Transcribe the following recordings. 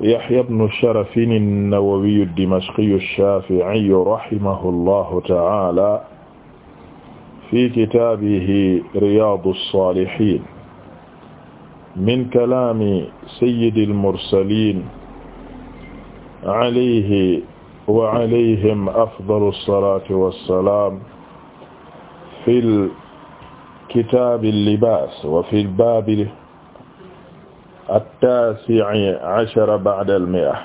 Yahya ibn Sharafin an-Nawawi ad-Dimashqi ash-Shafi'i rahimahu llahu ta'ala fi kitaabihi Riyaadu s-Saalihiin min kalaami sayyidi al-mursaliin alayhi wa alayhim afdalu s-salaati was-salaam fil kitaabi al-libaas wa fil baabi at-taasi'i ashara ba'da al-mi'a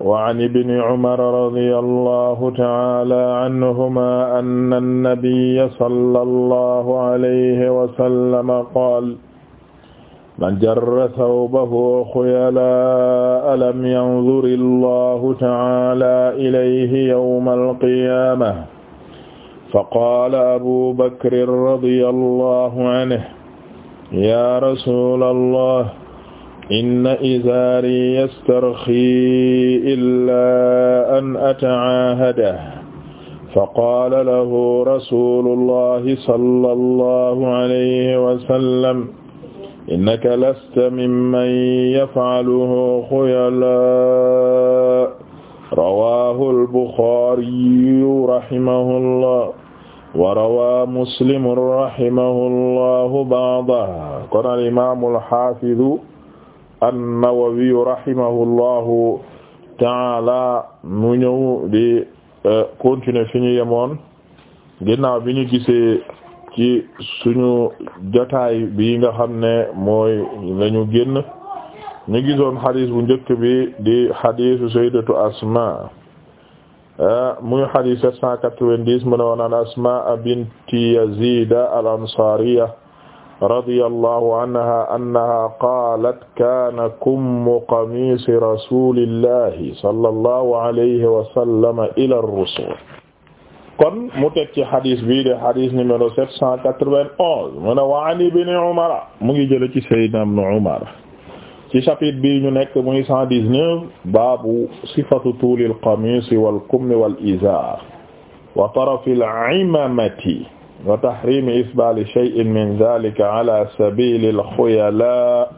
wa an ibni Umar radiyallahu ta'ala anhuma anna an-nabiyya sallallahu alayhi wa sallam qaala man jarra thawbahu khuyalaa lam yanzur Allahu ta'ala ilayhi yawma al-qiyaamah faqaala Abu Bakr radiyallahu anhu yaa rasuulallah inna izaari yastarxii illaa an atacaahada faqaala lahu rasuulullahi sallallahu alayhi wa sallam innaka lasta mimman yafcaluhu xuyalaa rawaahu al-buxaariyu rahimahullah wa rawaa muslimu rahimahu llahu ba'dahu kon al imaamu alxafidu annawawiyu rahimahu llahu taala mu ñëw di e, continuer fi ñu yemoon ginnaaw bi ñu gisee ci suñu jotaay bi nga xam ne mooy lañu génn ñu gisoon xadiis bu njëkk bi di xadiisu sayyidatu asmaa muy hadith 790 mu ne woon an Asmaa binti Yaziid al-Ansaariya radiyallahu anha annaha qaalat kaana kummu qamiisi rasuulillahi sallallahu alayhi wa sallam ila ar-rusul kon mu teg ci hadith bii de hadith numéro 791 mu ne wa an ibni Umar mu ngi jële ci Sayyidina Ibn Umar ci chapitre bi ñu nekk muy cent dix-neuf baabu sifatu tuulil qamis wal kummi wal izar wa tarafil imamati wa tahrimi isbali shay'in min dhalika ala sabilil khuyala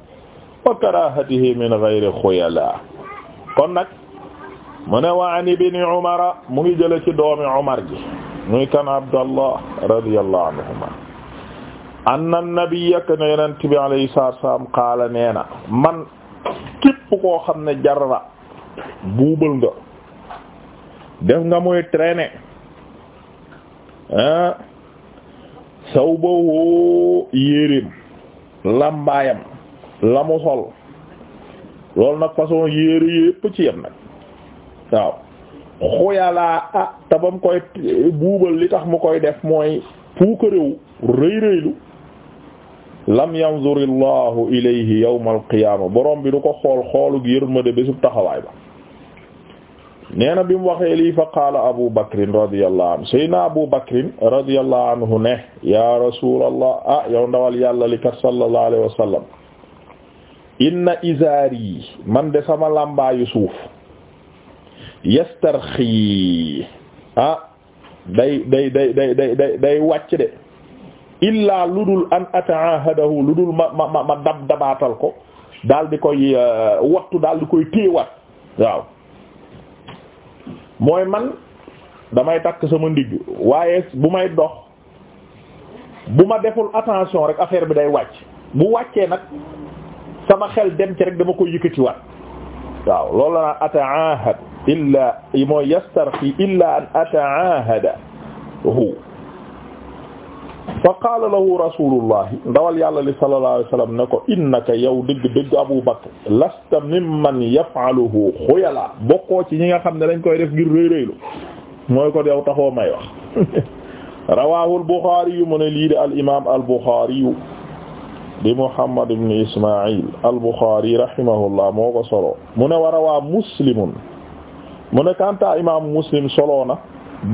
wa karahatihi min ghayri khuyala kon nag mu ne wa an ibni umara mu ngi jële ci doomi umar ji muy kan abdallah radiyallahu anhuma anna nabiyya ne yonent bi alayhi salaatu wa salaam qaala nee na man képp koo xam ne jarra buubal nga def nga muy traîner ah saw ba woo yéeréem lambaayam la mu sol loolu nag façon yéere yépp ci yem nag waaw xuyalaa ah te ba mu koy buubal li tax mu koy def mooy puukaréew rëy rëylu lam yanzur allahu ilayhi yawm alqiyaama borom bi du ko xool xoolug yërmande bésub taxawaay ba nee na bi mu waxee lii fa qaala abu bakrin radiyallahu anhu sayna abu bakrin radiyallahu anhu ne ya rasulallah ah yow ndawal yàlla li kat sallallahu alayhi wa sallam inna izaari man de sama làmbaayu suuf yastarxi ah day day day day day day wàcc de illaa ludul an ataahadahu ludul ma ma ma ma dab dabaatal ko daal di koy euh, waxtu daal di koy téewaat waaw mooy man damay takk sama ndigg waaye bu may dox bu ma deful attention rek affaire bi day wàcc mu wàccee nag sama xel dem ci rek dama koy yëkkatiwaat waaw loolu la naan ataahad illaa mooy yastarxi illaa an ataahadahu fa qaala lahu rasulullahi ndawal yàlla li sallallahu alayhi wa sallam ne ko innaka yow dëgg-dëgg Abu Bakr lasta mimman yaf'aluhu xuyala bokkoo ci ñi nga xam ne dañ koy def ngir rëy rëylu mooy ko yow taxoo may wax rawahu al-Bukhari yu mu ne lii de al imam al-Bukhari yu di Muhammad ibn Ismail al-Bukhari rahimahullah moo ko solo mu ne wa rawaa muslimun mu ne kanta imam Muslim solo na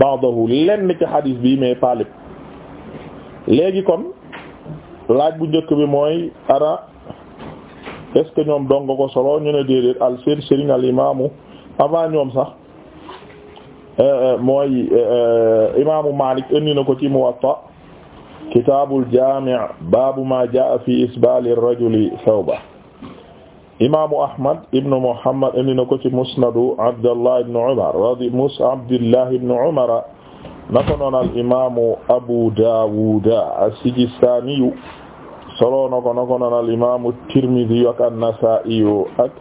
ba'dahu lenn ci hadis bi mais palib léegi kon laaj bu njëkk bi mooy ara est ce que ñoom dong ko solo ñu ne déedéet al seen al imaamu avant ñoom sax eh, eh, mooy eh, imaamu Maalik indi na ko ci Muwatta kitaabul jaami' baabu ma jaa fi isbaali rajuli thawba imaamu Ahmad ibnu Muhammad indi na ko ci musnadu Abdullah ibnu Umar radi mus Abdullah ibnu Umar nako noon al imaamu Abu Dawud as-Sijistani solo na ko nako noon al imaamu Tirmidhi ak an-Nasa'i ak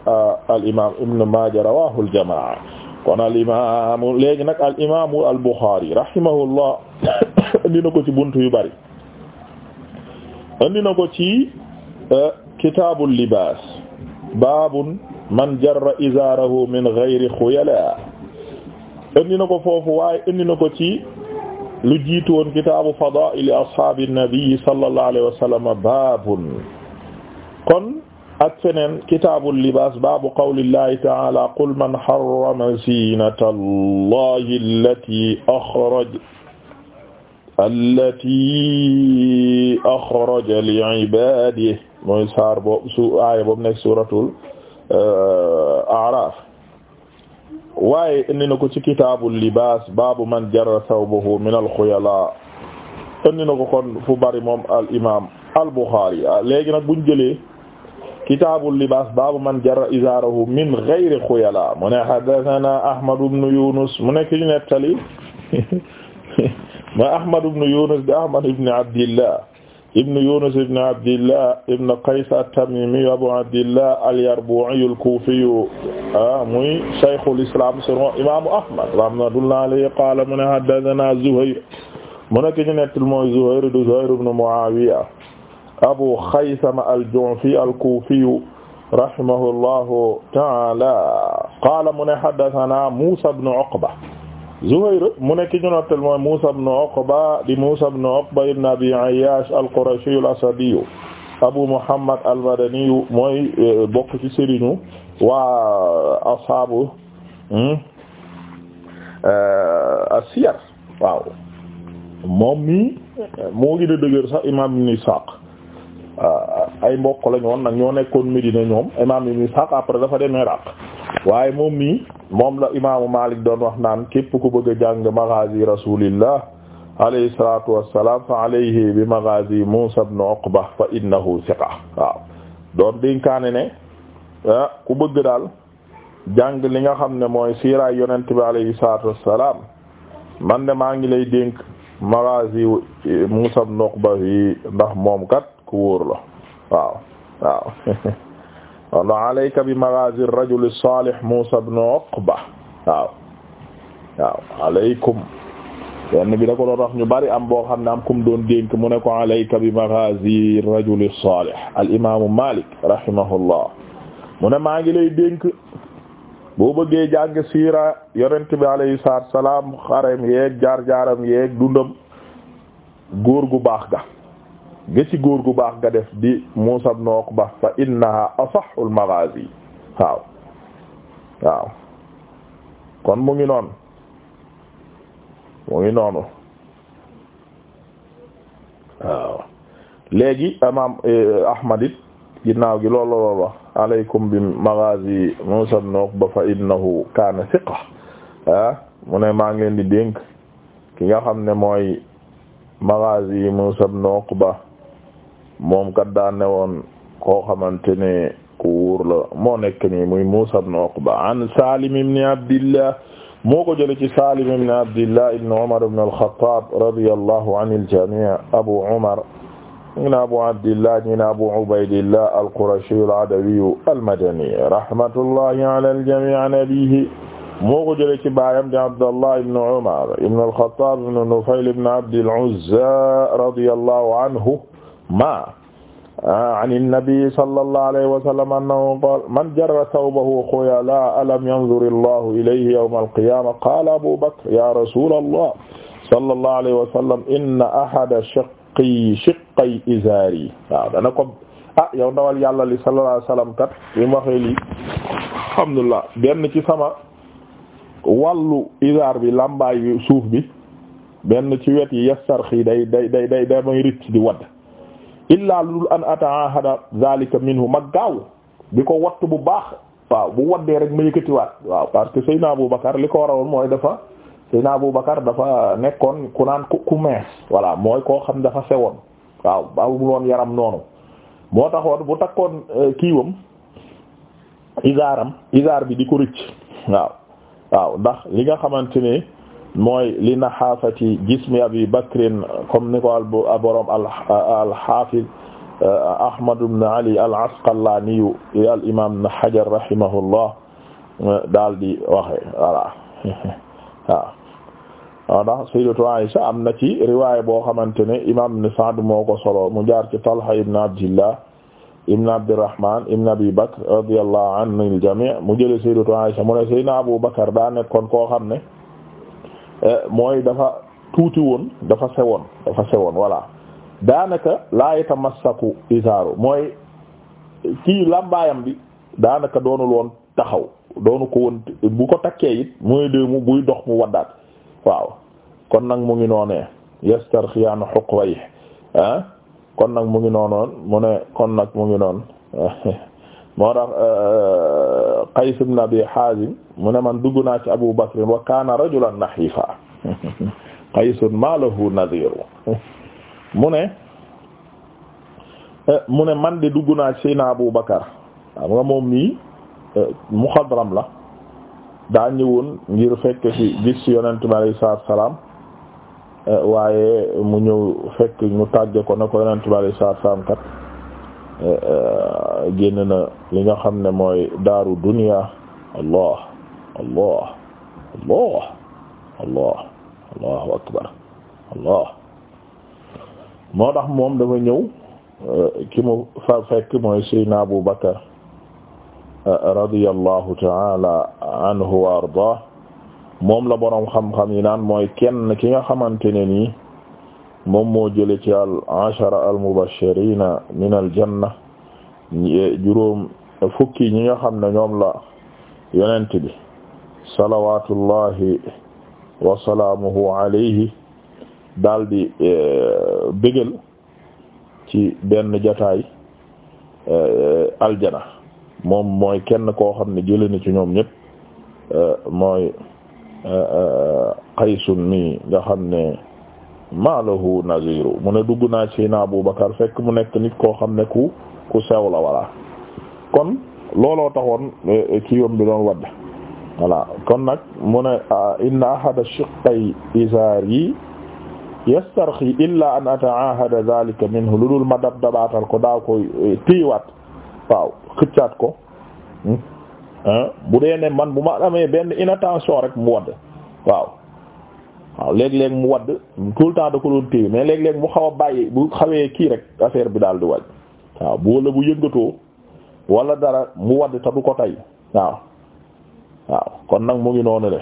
al imaam Ibn Maaja rawahu al-jamaa kon al imaamu léegi nag al imaamu al Bukhari rahimahullah andi na ko ci buntu yu bari andi na ko ci e, kitaabul libaas baabun man jarra izaarahu min ghayri khuyala indi na ko foofu waaye indi na ko ci lu jiitu woon kitaabu fadaa'ili ashaabi nabi sallallahu alayhi wa sallam baabun kon ak feneen kitaabu libaas baabu qawlillahi ta'aala qul man harrama ziinata allahi allati axraja allati axraja li'ibaadihi mooy saar boobu su aaya boobu nekk suuratul euh, a'raaf waaye indi na ko ci kitaabul libaas baabu man jarra thawbahu min al xuyala indi na ko kon fu bari moom al imaam al buxaari ah, léegi nag buñ jëlee kitaabul libaas baabu man jarra izaarahu min ghayri xuyala mu ne haddathana Ahmad ibn Yunus mu ne ki ñu nettali ma Ahmad ibn Yunus di Ahmad ibn Abdillah ibn Yunus ibn Abdillah ibn Qays at-Tamimi Abu Abdillah al-Yarbu'i al-Kufi ah, muy shaykhul islam selon imaamu Ahmad rahmatullahi alayhi qaala mu ne haddathana Zuhayr mu nekk ñu nettal mooy Zuhayr du Zuhayr ibn Mu'awiya Abu Khaysama al-Ju'fi al-Kufi rahimahullahu ta'ala qaala mu ne haddathana Musa ibn Uqba Zuhayr mu nekk ñu nottal mooy Muusaa ibn Uqba di Muusaa ibn Uqba ibn Abi Ayyaash al-Qurashi al Abu Muhammad al-Madani mooy e, bokk ci sëriñu waa ashaabu hmm, e, as moom mi e, moo gën a dëgër sax imaam Ishaq Ah, ay mbokk lañ woon nag ñoo nekkoon Medina ñoom imaam Ibn Ishaq après dafa dem Iraq waaye moom mii moom la imaamu Malik doon wax naan képp ku bëgg a jàng maghazi rasulillah alayhi salatu wassalam fa alayhi bi maghazi Musa ibn Uqba fa innahu thiqa waaw doon dénkaane ne ah, ku bëgg daal jàng li nga xam ne mooy siiraay yonent bi alayhi salatu wassalam man ne maa ngi lay dénk maghazi Musa ibn Uqba yi ndax moom kat ko wóor la waaw waaw walla alayka bi maghazi ar-rajul as-salih Musa ibn bi da ko doon ñu bari am boo xam ne am kum doon dénk mu maa ngi dénk boo bëggee jàng siira yonent bi alayhi salaam xarem yeeg jaar jaaram yeeg dundam góor gu baax ga ci góor gu baax nga def bi Muusaa ibn Uqba fa innaha asahhul maghazi waaw waaw kon mu ngi noonu mu ngi noonu waaw léegi imaam eh, Ahmad ginnaaw gi loolu loolu wax alaykum bi maghazi Muusaa ibn Uqba fa innahu kaana thiqa ah mu ne maa ngi leen di dénk ki nga xam ne mooy maghazi Muusaa ibn Uqba moom kat daa ne woon koo xamante ne ku wóor la moo nekk nii muy Muusaa ibn Uqba an Saalim ibn Abdillah moo ko jëlee ci Saalim ibn Abdillah ibn Umar ibn al-Khattab radiyallahu anil jamii' Abu Umar ñu ne Abu Abdillah ñu ne Abu Ubaydillah al-Qurashi al-Adawi al-Madani rahmatullahi ala al-jamii' an abiihi moo ko jëlee ci baayam di Abdallah ibn Umar ibn al-Khattab ibn Nufayl ibn Abdil Uzza radiyallahu anhu ma an innabi sallallahu alayhi wa sallam annahu qaala man jarra thawbahu khuyalaa alam yanzur allahu ilayhi yawm alqiyama qaala abu bakr ya rasula allah sallallahu alayhi wa sallam inna ahada shiqqi shiqqay izari waaw dana ko ah yow ndawal yàlla li sallallahu alayhi wa sallam kat bi mu waxee lii alhamdulillah benn ci sama wàllu izaar bi làmbaay suuf bi benn ci wet yi yastarxi day day day day day may rëcc di wadd illaa lul an ataahada zalika minhu mag gaaw di ko wat bu baax waaw bu waddee rek ma yëkkatiwaat waaw parce que Seydina Abu Bakar li ko waral mooy dafa Seydina Abu Bakar dafa nekkoon ku naan ku ku mees voilà mooy koo xam dafa sewoon waaw amul woon yaram noonu moo taxoon bu takkoon euh, kiiwam izaaram izaar bi di ko rëcc waaw waaw ndax li nga xamante ne mooy li naxaafati jismi abi bakrin comme ni ko al borom alxafiz eh, ahmad ibn ali al asqalaniyu al imam ibn hajar rahimahullah daal di waxe voilà waaw waaw ndax sayyidatu Aisha am na ci riwaaya boo xamante ne imam ibn Sa'd moo ko solo mu jaar ci Talha ibn Abdillah ibn Abdirrahman ibn Abi Bakr radiyallahu anil jami' mu jële sayyidatu Aisha mu ne sayyidina Abu Bakr daa nekkoon koo xam ne Euh, mooy dafa tuuti woon dafa sewoon dafa sewoon voilà daanaka laa yatamassaku izaaru mooy kii làmbaayam bi daanaka doonul woon taxaw doonu ko woon bu ko takkee it mooy de mu buy dox mu waddaat waaw kon nag mu ngi noonee yastarxiyaanu xuqwayhi ah kon nag mu ngi noonoon mu ne kon nag mu ngi noon moo tax euh, euh, Qays ibn Abi Hazim mu ne man dugg naa ci Abu Bakr wa kaana rajulan nahifa Qaysun ma lahu nadhiru mu ne euh, mu ne man de dugg naa ci Seydina Abu Bakar xam nga moom mii muxadram la daa ñëwoon ngir fekk ci gis ci Yonent bi alayhi salaam waaye mu ñëw fekk mu tàgge ko ne ko Yonent bi alayhi salaam kat Euh, euh, génn na li nga xam ne mooy daaru dunya allah allah allah allah allahu akbar allah moo tax moom dafa ñëw euh, ki mu fa fekk mooy saydna Abu Bakar radiyallahu taala anhu wa ardah moom la boroom xam-xam yi naan mooy kenn ki nga xamante ne nii moom moo jële ci al ashara al mubashirina min al janna juróom fukki ñi nga xam ne ñoom la yonent bi salawatullahi wa salaamuhu alayhi daldi e, bégal ci benn jataay e, aljana moom mooy kenn koo xam ne jële ci ñoom ñépp e, mooy qaysun mi nga xam ne maalahu naziru mu ne dugg ci na Abu fekk mu nekk nit koo xam ne ku ku sew la kon looloo taxoon eh, ci yoon doon wadd voilà kon nag mu ne ah, inna ahada shiqqay izari yastarxi illa an ataahada zalika minhu lu dul ma dab ko daa koy eh, téyewaat waaw xëccaat ko hmm? bu dee ne man bu ma amee benn inattention rek mu wadd waaw waaw léeg-léeg mu wadd tout le temps da ko doon téye mais léeg-léeg mu xaw a bàyyi bu xawee kii rek affaire bi daal di wàcc waaw bu wala bu yëngatoo wala dara mu wadd te du ko tey waaw waaw kon nag mu ngi noonu le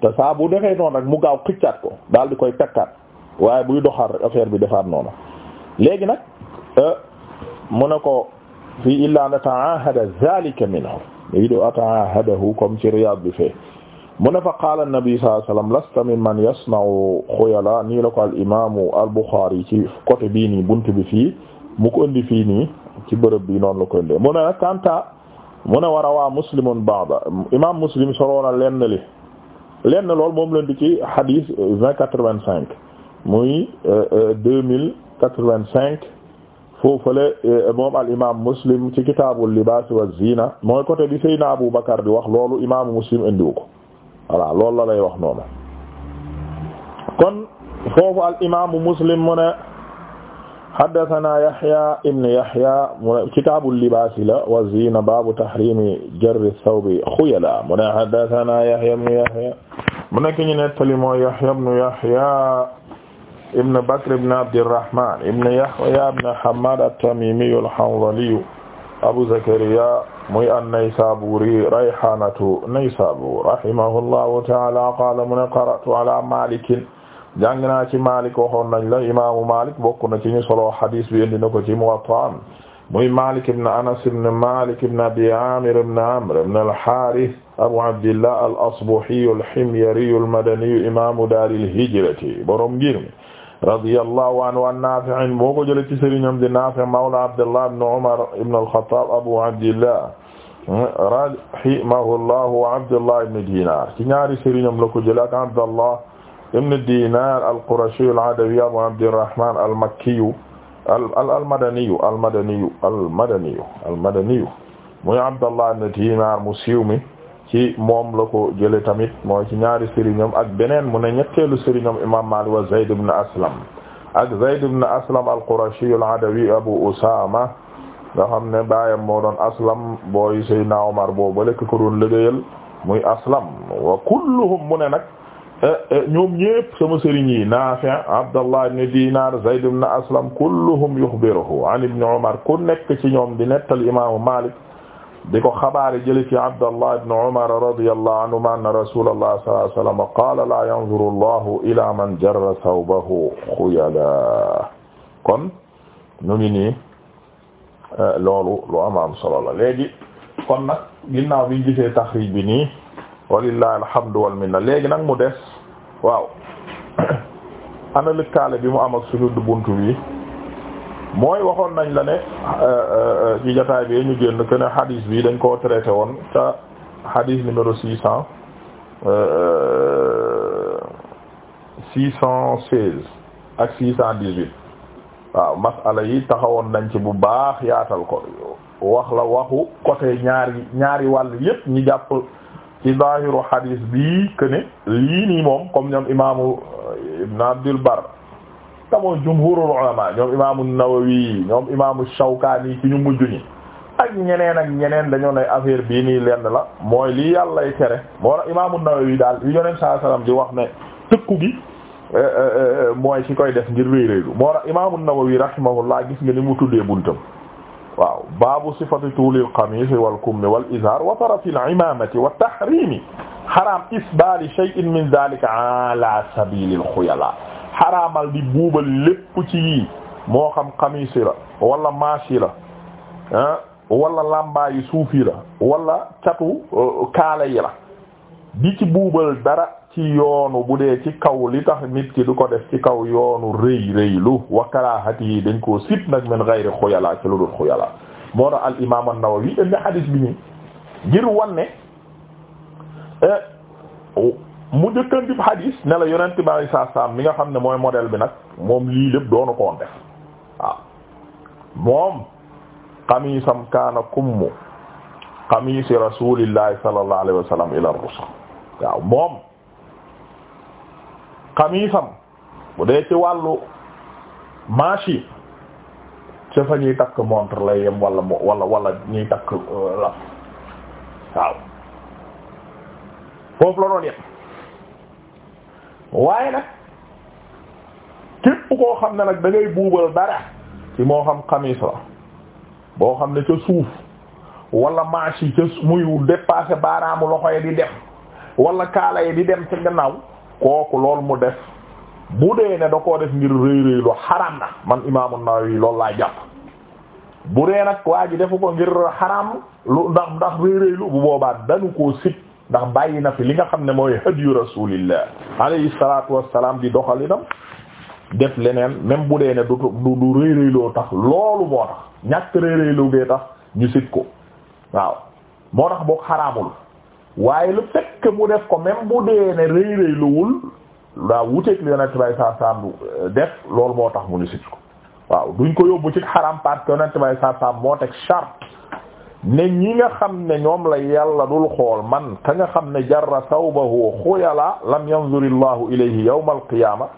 te saa bu defee noonu rek mu gaaw xiccaat ko daal di koy takkaat waaye buy doxaat rek affaire bi defaat noonu léegi nag euh, mu ne ko fii illa an ta'ahada zalika minhu yidoo ta'ahadahu comme ci Riyad bi fee mu ne fa qaala nabi sallallahu alayhi wasallam lasta min man yasna'u xuyala nii la ko al imaamu al Buxaari ci côté bii nii bunt bi fii mu ko indi fii nii ci bërëb bi noonu la ko indee mu ne nag kanta mu ne war a waa muslimun ba'da imaam muslim soroona lenn li lenn lool moom leen di ci hadis vingt quatre-vingt-cinq muy euh, euh, deux mille quatre-vingt-cinq foofale euh, moom al imaam muslim ci kitaabul libaas wa zina mooy côté bi Seydina Abu Bakar bi wax loolu imaamu muslim indiwu ko voilà loolu la lay wax noonu kon foofu al imaamu muslim mu ne haddathana yahya ibn yahya mu ne kitaabul libaasi la wa ziina baabu tahrimi jarri thawbi xuyala mu ne haddathana yahya ibn yahya mu nekk ñu nettali mooy yahya ibn yahya ibn bakr ibn abdirrahman ibn yahya ibn hamad at-tamimi al-hanzali abu zakariya muy an-Naysaburi rayhanatu Naysabur rahimahullahu ta'ala qala mu ne qara'tu ala malikin jàng naa ci Malik waxoon nañ la imaamu Malik bokk na ci ñu solo hadis bi indi na ko ci Muwatta muy Malik ibn Anas ibn Malik ibn Abi Amir ibn Amr ibn al-Harith Abu Abdillah al-Asbahi al-Himyari al-Madani imaamu dar al-hijrati borom ngir mi radiyallahu anhu an Naafi' boo ko jëlee ci sëriñam di Naafi' mawla Abdullah ibn Umar ibn al-Khattab Abu Abdillah rahimahullah wa Abdullah ibn Dinar ci ñaari sëriñam la ko jëlee ak Abdullah ibn Dinar al-Qurashi al-Adawi Abu Abdirrahman al-Makki al-Madani al-Madani al-Madani al-Madani muy Abdullah ibn Dinar mu siiw mi ci moom la ko jële tamit moo ci ñaari sëriñam ak beneen mu ne ñetteelu sëriñam imam Maalik wa Zayd ibn Aslam ak Zayd ibn Aslam al-Qurashi Abu Usama nga xam ne baayam moo doon Aslam booy Seydina Omar boobu lekk ko doon liggéeyal muy Aslam wa kulluhum mu ne nag eh, eh, ñoom ñépp sama sëriñ yi Naafi' Abdallah ibn Dinar Zayd ibn Aslam kulluhum yukhbiruhu an ibn Umar ku nekk ci ñoom di nettal imaamu Maalik di ko xabaare jële ci Abdallah ibn Umar radiyallahu anhuma anna rasulullah sallallahu alayhi la yanzuru allahu ila man jarra thawbahu xuyala kon ñu ni nii eh, loolu lu am am solo la léegi kon nag ginnaaw biñ gisee taxrij bi nii walillahi alhamdu wal minna léegi nag mu des waaw ana lëkkaale bi mu am ak suñu buntu bi mooy waxoon nañ la ne euh, euh, euh, ci jotaay bi ñu génn que ne hadith bi dañ koo traité woon ca hadith numéro six cent six cent seize ak six cent dix-huit waaw masala yi taxawoon nañ ci bu baax yaatal ko wax la waxu côté ñaari ñaari wàll yépp ñi jàpp ci zahiru hadith bi que ne lii nii moom comme ñoom imaamu Ibn Abdul Bar te mooy jumhurul ulama ñoom imaamu Nawawi ñoom imaamu Shawkaani ci ñu mujj ñi ak ñeneen ak ñeneen dañoo ne affaire bii nii lenn la mooy lii yàllay tere moo tax imaamu Nawawi daal li yoneen saa salaam di wax ne tëkku gi eh, eh, eh, mooy ki koy def ngir réy réylu moo tax imaamu Nawawi rahimahullah gis nga ni mu tuddee buntam waaw baabu sifati tuulil qamis wal kummi wal izar wa tarafil imamati wa tahrimi haram isbali shay'in min dhalika ala sabilil khuyala xaraamal di buubal lépp ci yii moo xam xamiisi la wala maashi la ah wala làmbaayi suufi la walla catu euh, kaala yi la di ci buubal dara ci yoonu bu dee ci kaw li tax nit ki du ko def ci kaw yoonu rëy rëylu wa karaahati yi dañ ko sib nag min gayri xuyalaa ci lu dul xuyalaa moo tax al imaam an-Nawawi indi xadiis bi nii ngir wanne eh, mu njëkkandib hadis ne la yonent bi alai saatu salaam mi nga xam ne mooy modèle bi nag moom lii lépp doonu koon def waaw moom xamisam kaana kummu xamisi rasulillahi sallallahu alayhi wa sallam ila rusul waaw ci wàllu manche ca fa ñuy takk wala wala euh, waaw foofu la doon yem waaye nag képp koo xam ne nag da ngay buubal dara ci moo xam xamis la boo xam ne ca suuf wala manche yi ca muy dépassé baaraamu loxo yi di dem wala kaala yi di dem ca gannaaw kooku loolu mu def bu dee ne da koo def ngir rëy rëy xaraam na man imaamu Nawawi loolu laa jàpp bu dee nag waa ji defu ko ngir xaraam lu ndax ndax rëy rëy bu boobaa danu koo sit ndax bàyyi na fi li nga xam ne mooy hadiyu rasulillah alayhi salatu wassalam di doxalinam def leneen même bu dee ne du du du rëy rëyloo tax loolu moo tax ñàkk rëy rëyloo gee tax ñu sit ko waaw moo tax boog xaraamul waaye lu fekk mu def ko même bu dee ne rëy rëylowul daa wuteeg li yonent bay saa saam def loolu moo tax mu ñu sit ko waaw duñ ko yóbbu ci xaraam parce que yonent bay saa saam moo teg charte ne ñi nga xam ne ñoom la yàlla dul xool man ka nga xam ne jarra sawbahu xuyala lam yanzurillahu ilayhi yawm alqiyama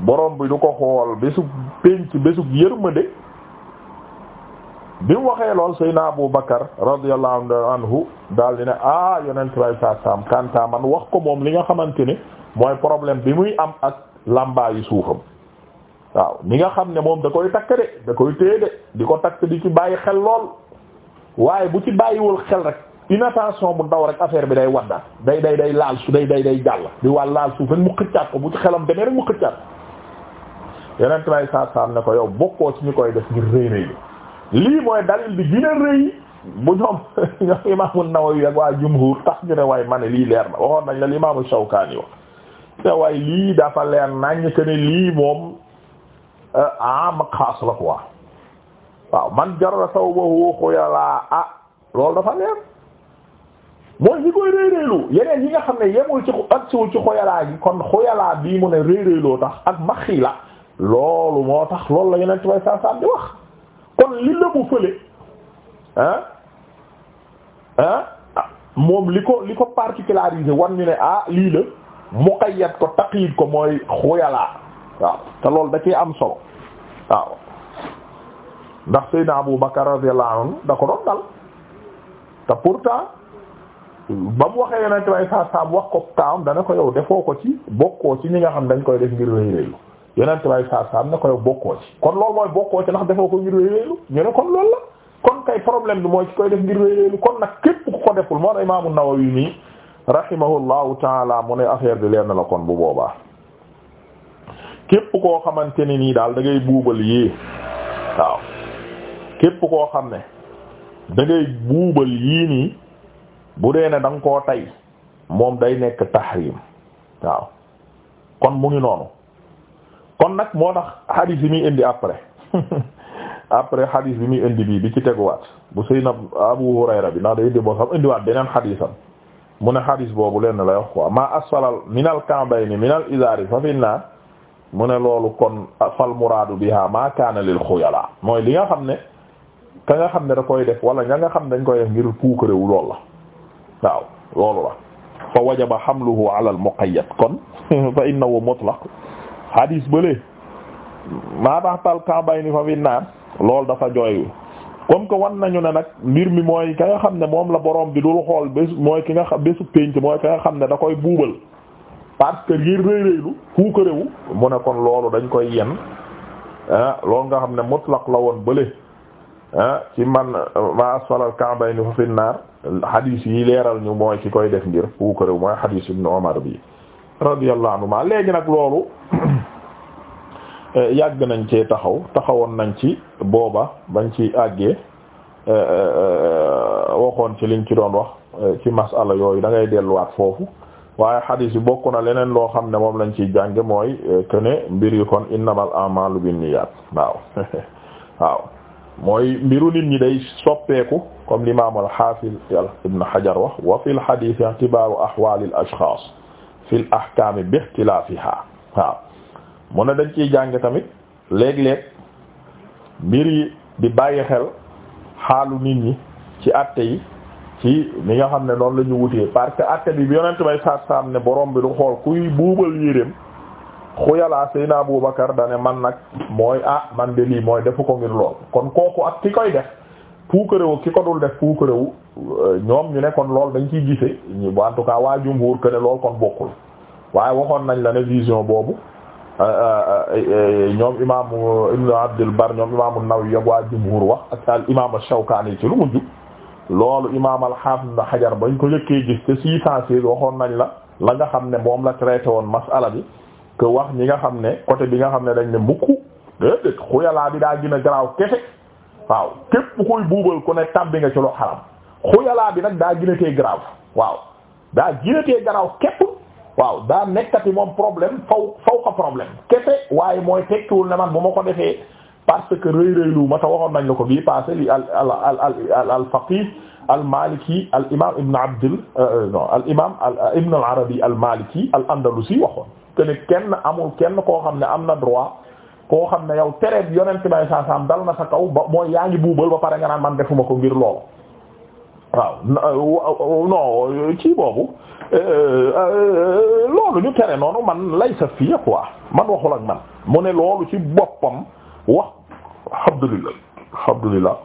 boroom bi du ko xool bésub pénc bésub yërmande bi mu waxee lool sayna Abu Bakar radiyallahu anhu daal di ne ah yonent bay saa saam kanta man wax ko moom li nga xamante ne mooy problème bi muy am ak lambaayu suufam waaw ni nga xam ne moom da koy takk de da koy téye de di ko takk di ci bàyyi xel lool waaye bu ci bàyyiwul xel rek inattention bu ndaw rek affaire bi day wadda day day day laal su day day day jàll di wàll laal suuf rek mu xëccaat ko bu ci xelam mu xëccaat yeneen may saat ne ko yow bokkoo ci ñu koy def ngir rëy rëy lii mooy dalil bi gën a rëy bu ñoom ñoom imaamu Nawawi ak waa jumhur tax ñu ne waaye ma lii leer na waxoon nañ la li imaamu Shawkaani wax te waaye lii dafa leer nañ que moom ah ma xaas la quoi waaw man jarra sawbahu xuyalaa ah loolu dafa leer mooy ñi koy réeréelu yeneen yi nga xam ne yemul ci ak siwul ci xuyalaa gi kon xuyalaa bii mu ne réeréeloo tax ak maxi la loolu moo tax loolu lañu yeneen tubay saasaan di wax kon li lëbu fële ah ah moom li ko li ko particularisé wan ñu ne ah lii la muqayyad ko taqyid ko mooy xuyalaa waaw te loolu da am solo waaw ndax Seydina Abu Bakar radiyallahu anhu da ko doon dal te pourtant ba mu waxee yonent bay saa saam wax ko taawam dana ko yow defoo ko ci bokkoo ci ñi nga xam dañ koy def ngir rëy rëylu yonent bay saa saam na ko yow bokkoo ci kon loolu mooy bokkoo ci ndax defoo ko ngir rëy rëylu ñu ne kon loolu la kon kay problème bi mooy ci koy def ngir rëy rëylu kon nag képp ku ko deful moo tax imaamu Nawawi nii rahimahullahu taala mu ne affaire bi lenn la kon bu boobaa koo xamante ne nii daal da buubal yii képp koo xam ne da ngay buubal yii nii bu dee ne da nga koo tey moom day nekk tahrim waaw kon mu ngi noonu kon nag moo tax hadith yi muy indi après après hadith bi muy indi bii bi ci teguwaat bu Seydina Abu Hurayra bi ndax day indi boo xam indiwaat beneen haditham mu ne hadith boobu leen lay wax quoi ma asfalal minal kambayni minal izari fa finna mu ne loolu kon fal muraadu biha ma kaana lil xuyala mooy li nga xam ne ka nga xam ne da koy def wala ña nga xam ne dañ koy def ngir puukarewu lool la waaw loolu la fa wajaba hamluhu ala al muqayyad kon fa innahu mutlaq hadis bële maa tahtal ka'bayni fa fi naar loolu dafa jooyu comme que wan nañu ne nag ngir mi mooy ka nga xam ne moom la boroom bi dul xool bés mooy ki nga xam bésu pénc mooy ka nga xam ne da koy buubal parce que ngir rëy rëylu puukarewu mu ne kon loolu dañ koy yen ah loolu nga xam ne mutlaq la woon bële Ah ci man ma asfalal ka'bayni fa fin naar yi leeral ñu mooy ci koy def ngir fu ko réew mooy hadith ibn Umar bi radiyallahu anhuma léegi nag loolu yàgg nañ cee taxaw taxawoon nañ ci booba bañ ci àggee eh, eh, eh, waxoon ci liñ ci doon wax ci masala yooyu da ngay delluwaat foofu waaye hadith yi bokk na leneen loo xam ne moom lañ ciy jànge mooy que mbir yi kon innamal a'malu binniyaat waaw waaw mooy mbiru nit ñi day soppeeku comme l'imam al-hafiz ibn hajar wax wa fi al-hadith i'tibaru ahwal al-ashkhas fi al-ahkam bi ikhtilafiha waaw mu ne dañ ciy jàng tamit léeg-léeg mbir yi di bàyyi xel xaalu nit ñi ci atte yi ci ni nga xam ne noonu la ñu wutee parce que atte bi bi yonent bay saat saam ne borom bi du xool kuy buubal yéreem xuyalaa Seydina Aboubacar da ne man nag mooy ah man de lii mooy defu ko ngir lool kon kooku ak ki koy def puukarewu ki ko dul def puukarewu euh, ñoom ñu ne kon lool dañ ciy gise ñu en tout cas waa jumhuur que ne lool kon bokkul waaye waxoon nañ la ne vision boobu euh, euh, ñoom imaamu Ibn Abdul Bar ñoom imaamu Nawawi yog waa jumhuur wax ak al imaam Shawkaani ci lu mujj loolu imaam al-Hafiz Ibn Hajar bañ ko njëkkee gis te six cent seize waxoon nañ la la nga xam ne moom la traité woon masala bi que wax ñi nga xam ne côté bi nga xam ne dañ ne mukk déedéet xuyalaa bi daa gën a garaaw kese waaw képp koy buubal ku ne tàbbi nga ci xaram xuyalaa bi nag daa gën a tee garaaw waaw daa gën a garaaw képp waaw daa nekkati moom problème faw faw ko problème kese waaye mooy tekkiwul ne man bu ma ko defee parce que rëy rëylu ma ta waxoon nañ la ko bii passé li al al al al al faqih al maliki al imam ibn abdil euh, euh, al imam euh, ibn al arabi al maliki al andalusi waxoon que ne kenn amul kenn koo xam ne am na droit koo xam ne yow tereet yonent bay saa saam dal na sa kaw ba mooy yaa ngi buubal ba pare nga naan man defuma ko ngir loolu waaw non ci boobu loolu ñu tere noonu man lay sa fii quoi man waxul ak man mu ne loolu ci boppam wax alhamdulillah alhamdulillah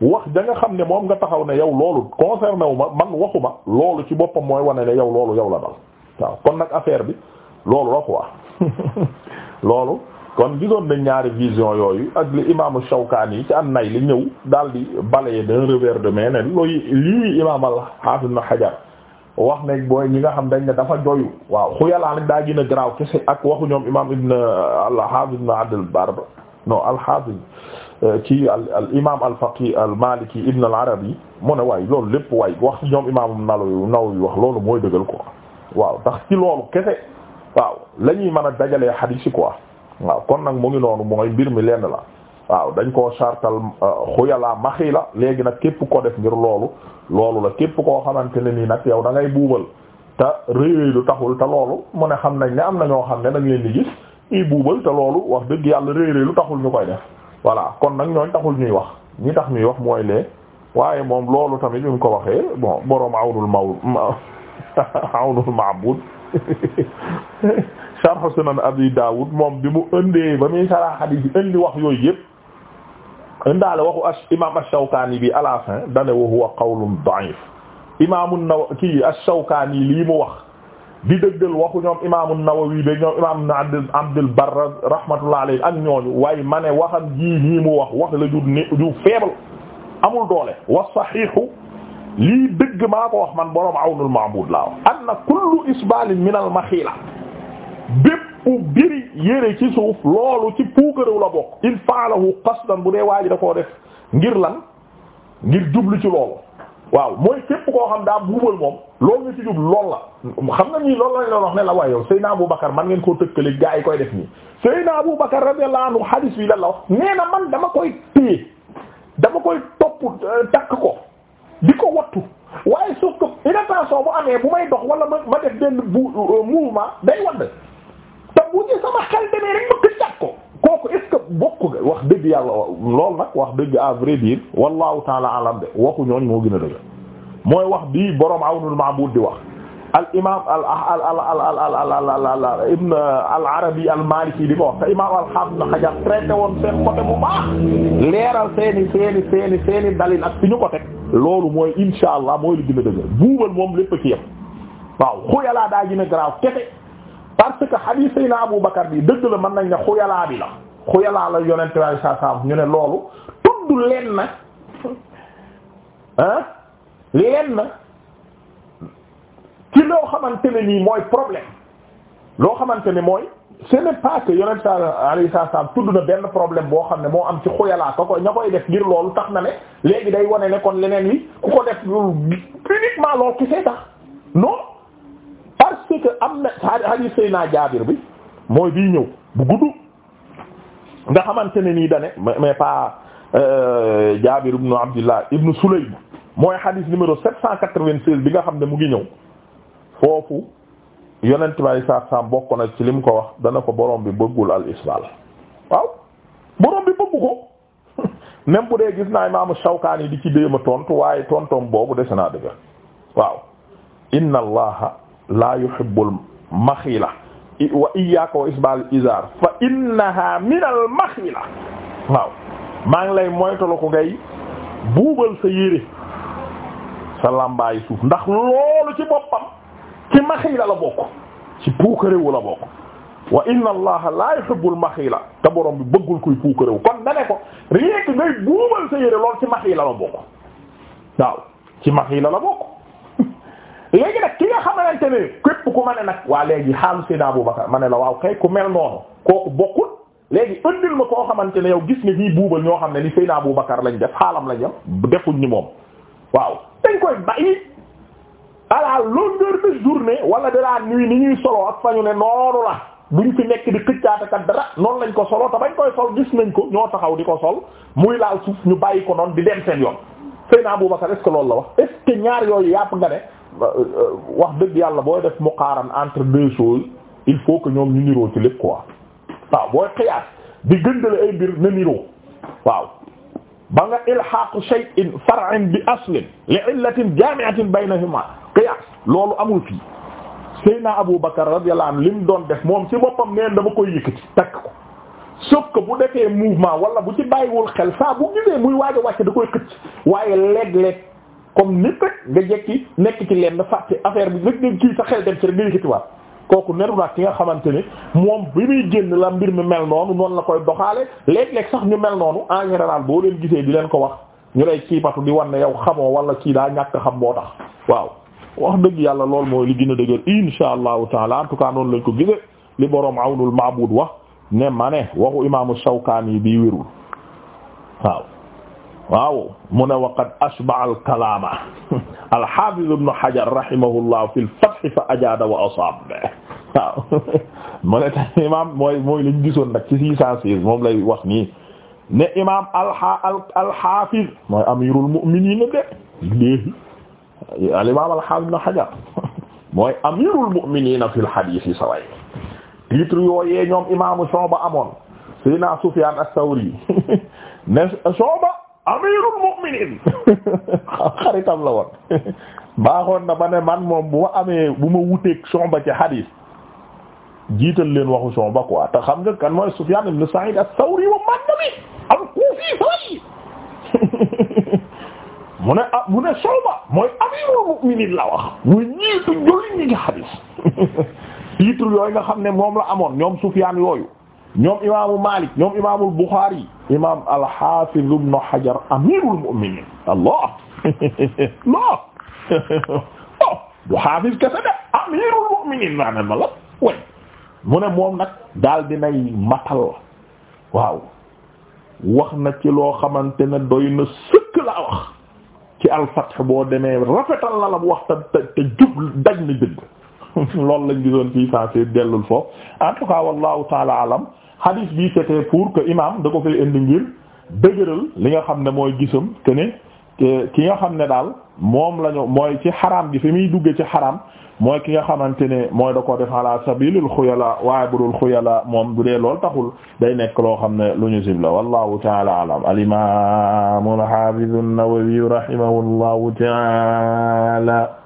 wax da nga xam ne moom nga taxaw ne yow loolu concerné wu ma man waxuma loolu ci boppam mooy wane ne yow loolu yow la dal waaw kon nag affaire bi loolu la quoi loolu kon gisoon nañ ñaari vision yooyu ak li imaamu Shawkaani ci an nay li ñëw daal di balayer d'un revers de main ne looy lii imaam al-Hafiz Ibn Hajar wax ne booy ñi nga xam dañ ne dafa joyu waaw xuyalaa nag daa gën a kese ak waxu ñoom imaam Ibn al-Hafiz Ibn Abd al-Barr non al-Hafiz euh, ci al al imaam al-Faqih al-Maliki Ibn al-Arabi mu ne waay loolu lépp waay wax ñoom yu Nawawi Nawawi wax loolu mooy dëggal ko waaw tax ci loolu la ñuy mën a dajalee xadiis ci quoi waaw kon nag mu ngi noonu mooy mbir mi lenn la waaw dañ koo sartal euh, xuyalaa maxi la léegi nag képp ko def ngir loolu loolu la képp koo xamante ne nii nag yow da ngay buubal te réy du taxul te loolu mu ne xam nañ ne am na ñoo xam ne nag leen di gis ñuy buubal te loolu wax dëgg yàlla réy réy lu taxul ñu koy def voilà kon nag ñooñ taxul ñuy wax ñi tax ñuy wax mooy lee waaye moom loolu tamit bi mu ko waxee bon boroom awnul maw awnul maabud sharh sunan abi daawud moom bi mu ëndee ba muy sharh hadith bi wax yooyu yëpp ëndaale waxu as imaam ash-Shawkaani bi à la fin dane wa huwa qawlun da'if imaamu Nawawi kii ash mu wax di dëggal waxu ñoom imaamu Nawawi ba ñoom Abdul Abdul Barr rahmatullahi ak ñooñu waaye ma waxam jii nii mu wax wax la ju ne amul doole wa sahihu lii dëgg maa ko wax man boroom awnul maabud laa wax anna kullu isbalin min al maxiila bépp biri yére ci suuf loolu ci puukaréw la bokk in faalahu qasdan bu dee waa ji da koo def ngir lan ngir jublu ci loolu waaw mooy képp koo xam daa buubal moom loolu nga ci jub lool la xam na nii loolu lañ doon wax ne la waaye yow Seydina Abu Bakar man ngeen koo tëkkale gaa koy def nii Seydina Abu Bakar radiyallahu anhu hadis bi lan la wax nee na man dama koy téye dama euh, ko di ko wattu waaye sauf que inattention bu amee bu may dox wala ma ma def benn bu day wadd te bu sama xel demee rek ma këccaat kooku est ce que wax dëgg yàlla lool nag wax dëgg à vrai wallahu taala alam de waxu ñooñ moo gën a dëgg mooy wax bii borom awnul ma'bud di wax al imam al al al al al ibn al arabi al maliki di ko wax te imam al hafiz na xajar traité woon seen côté bu baax leeral seeni seeni seeni seeni dalil ak fi ñu ko teg loolu mooy insha allah mooy li gën a dëgër buubal moom lépp ci yem waaw xuyalaa daa gën a garaaw kese parce que hadith sayna Abu Bakar bi dëgg la mën nañ ne xuyalaa bi la xuyalaa la yonent waaye saa saa ñu ne loolu tudd leen na ah leen ci loo xamante ne nii mooy problème loo xamante ne mooy ce n'est pas que yonent sa alayhi salaam tudd na benn problème boo xam ne moo am ci xuyalaa ka koy ña koy def ngir loolu tax na ne léegi day wane ne kon leneen li ku ko def loolu uniquement loolu kese tax non parce que am na hadith Seydina Jaabir bi mooy bii ñëw bu gudd nga xamante ne nii dane mais pas euh, Jaabir ibnu Abdillah ibnu Sulaym mooy hadith numéro 796 bi nga xam ne mu ngi ñëw foofu yonent bi saat saam bokk na ci lim ko wax dana ko borom bi bëggul al isbal waaw borom bi bëggu ko même bu dee gis naa imaamu Shawkaani di ci déema tontu waaye tontoom boobu dese naa dëgg waaw inna allaha la yuhibbul maxiila wa iyyaaka wa isbal izaar fa innaha min al maxiila waaw maa ngi lay moytala ko ngay buubal sa yére sa làmbaayu suuf ndax loolu ci boppam ci maxiila la bokk ci puukarewu la bokk wa inna allaha la yuhibbul maxiila te borom bi bëggul kuy puukarewu kon dane ko rien que ngay buubal sa yére lool ci maxiila la bokk waaw ci maxiila la bokk léegi nag ki nga xamante ne képp ku ma ne nag waa léegi xaalu Seydina Abubakar ma ne la waaw kay ku mel noonu kooku bokkul léegi ëndil ma koo xamante ne yow gis nga ñiy buubal ñoo xam ne ni Seydina Abubakar lañ def xaalam def defuñ ni moom waaw dañ koy bàyyi à la longueur de journée wala de la nuit ni ñuy solo ak ñu ne noonu la ñu fi nekk di xëccaatakat dara noonu lañ ko solo te bañ koy sol gis nañ ko ñoo taxaw di ko sol muy laal suuf ñu bàyyi ko noonu di dem seen yoon Seyna Abubakar est-ce que loolu la wax est-ce que ñaar yooyu yàpp nga ne euh, euh, wax dëgg yàlla booy def muqaaran entre deux choses il faut que ñoom ñu niroo ci lépp quoi waaw booy xiyaas di gëndale ay mbir na niroo waaw ba nga ilhaqu shay'in far'in bi aslin li illatin jami'atin baynahuma qiyaas loolu amul fii Seyna Abu Bakar radiyallahu anhu lim doon def moom ci boppam neen dama koy yëkkati takk ko sauf que bu defee mouvement wala bu ci bàyyiwul xel saa bu gisee muy waaj a wàcc da koy xëcc waaye léeg-léeg comme nit rek nga jekki nekk ci leen na fàtte affaire bi rek kii sa xel dem ci rek nga yëkkatiwaat kooku neru nag ki nga xamante ni moom bi muy génn la mbir mi mel noonu noonu la koy doxaale léeg-léeg sax ñu mel noonu en général boo leen gisee ko wax ñu lay ciibatu di wan ne yow xamoo wala kii daa ñàkk xam boo waaw wax dëgg yàlla lool mooy li gën a dëgër insha allahu taala en tout cas noonu lañ ko gisee li boroom awnul maabud wax ne ma ne waxu imaamu Shawkaani bi wérul waaw waaw mu ne waqad ashba'a al kalaama al haafiz ibn hajar rahimahullah fi al fath fa ajaada wa asaab waaw mu ne tax imaam mooy mooy liñ gisoon nag ci six cent seize moom lay wax nii ne imaam al al al haafiz mooy amiirul mu'miniin de al imam alxaam na xajar mooy amirul mu'miniina fil hadiis yi saway titre yooyee ñoom imaamu Shuba amoon Seydina Sufyaan as-Sawri ne Shuba amirul mu'miniin baaxoon na ba ne man moom bu ma amee bu ma wuteeg Shuba ci hadiis jiital leen waxu Shuba quoi te xam nga kan mooy Sufyaan ibn Sa'iid as wa man nabi al-Kuufi mu ne ah mu ne Shu'ba mooy amirul mu'minin la wax muy ñiitu njëriñ ñi nga xadis titre yooyu nga xam ne moom la amoon ñoom Sufyaan yooyu ñoom imaamu Maalik ñoom imaamul Buxaari imaam al-Haafiz ibn amirul mu'minin Allah non oh du Haafiz kese de amirul mu'minin maanaam la way mu ne moom nag daal dinay matal waaw wax na ci loo xamante ne doy na laa wax. ci alfath boo demee rafetal na la bu wax te te jub daj na dëgg loolu lañ gisoon ci sensé dellul foofu en tout cas wallahu taala alam hadis bi c'était pour que imaam da ko fay indi ngir dëgëral li nga xam ne mooy gisoom que ki nga xam ne daal moom lañu mooy ci xaraam gi fi muy dugge ci xaraam mooy ki nga xamante ne mooy da ko def ala sabilil xuyala waaye budul xuyala moom bu dee lool taxul day nekk loo xam ne lu ñu sibla wallahu taala alam al imam al hafiz an-Nawawi rahimahullahu taala